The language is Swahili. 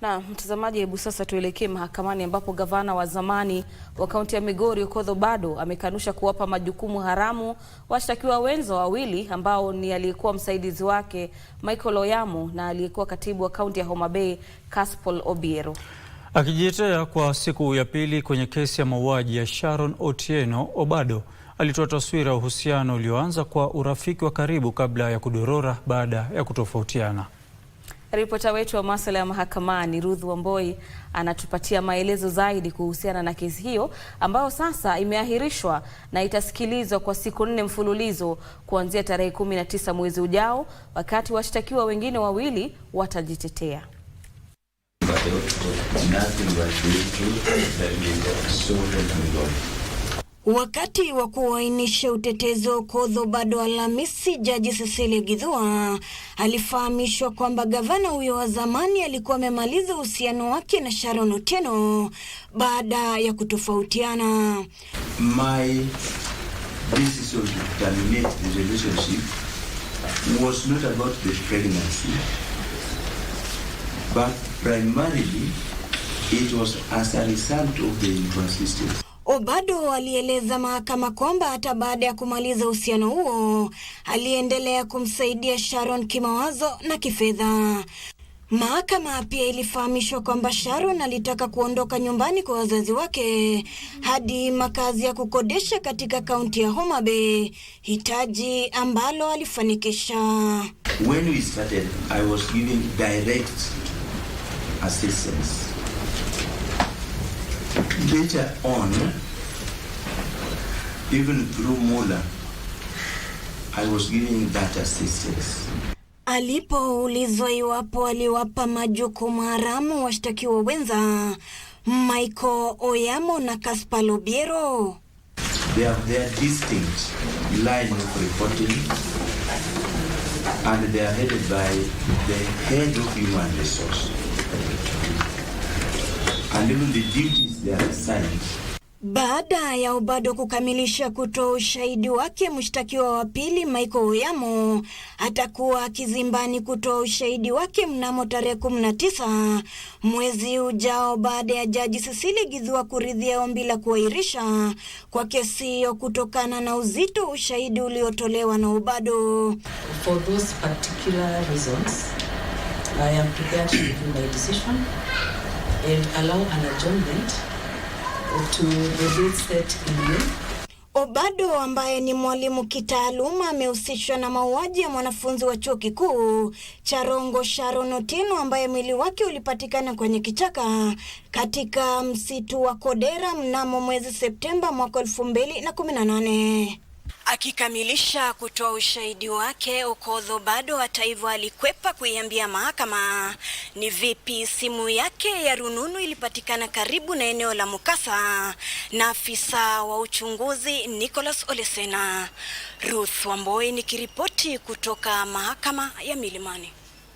Na mtazamaji, hebu sasa tuelekee mahakamani ambapo gavana wa zamani wa kaunti ya Migori Okoth Obado amekanusha kuwapa majukumu haramu washtakiwa wenza wawili ambao ni aliyekuwa msaidizi wake Michael Oyamo na aliyekuwa katibu wa kaunti ya Homa Bay Caspal Obiero. Akijitetea kwa siku ya pili kwenye kesi ya mauaji ya Sharon Otieno, Obado alitoa taswira ya uhusiano ulioanza kwa urafiki wa karibu kabla ya kudorora baada ya kutofautiana. Ripota wetu wa masuala ya mahakamani Ruth Wamboi anatupatia maelezo zaidi kuhusiana na kesi hiyo ambayo sasa imeahirishwa na itasikilizwa kwa siku nne mfululizo kuanzia tarehe 19 mwezi ujao, wakati washtakiwa wengine wawili watajitetea. Wakati wa kuainisha utetezi wa Okodho bado Alhamisi, jaji Cecilia Githua alifahamishwa kwamba gavana huyo wa zamani alikuwa amemaliza uhusiano wake na Sharon Otieno baada ya kutofautiana. My decision to terminate the relationship was not about the pregnancy but primarily it was as a result of the inconsistency Obado alieleza mahakama kwamba hata baada ya kumaliza uhusiano huo aliendelea kumsaidia Sharon kimawazo na kifedha. Mahakama pia ilifahamishwa kwamba Sharon alitaka kuondoka nyumbani kwa wazazi wake hadi makazi ya kukodesha katika kaunti ya Homa Bay, hitaji ambalo alifanikisha. When we started, I was giving direct assistance later on, even through Muller, I was giving that assistance. Alipoulizwa iwapo aliwapa majukumu haramu washtakiwa wenza Michael Oyamo na Caspar Lobiero. They have their distinct line of reporting and they are headed by the head of human resource and even the duties they are assigned. Baada ya Obado kukamilisha kutoa ushahidi wake, mshtakiwa wa pili Michael Oyamo atakuwa kizimbani kutoa ushahidi wake mnamo tarehe 19 mwezi ujao, baada ya jaji sisili Githua kuridhia ombi la kuahirisha kwa kesi hiyo kutokana na uzito ushahidi uliotolewa na Obado. For those particular reasons, I am prepared to my decision and allow an adjournment to the date set in May. Obado ambaye ni mwalimu kitaaluma amehusishwa na mauaji ya mwanafunzi wa chuo kikuu cha Rongo Sharon ambaye mwili wake ulipatikana kwenye kichaka katika msitu wa Kodera mnamo mwezi Septemba mwaka 2018. Akikamilisha kutoa ushahidi wake, ukodho bado hata hivyo alikwepa kuiambia mahakama ni vipi simu yake ya rununu ilipatikana karibu na eneo la mkasa na afisa wa uchunguzi Nicholas Olesena. Ruth Wamboi nikiripoti kutoka mahakama ya Milimani.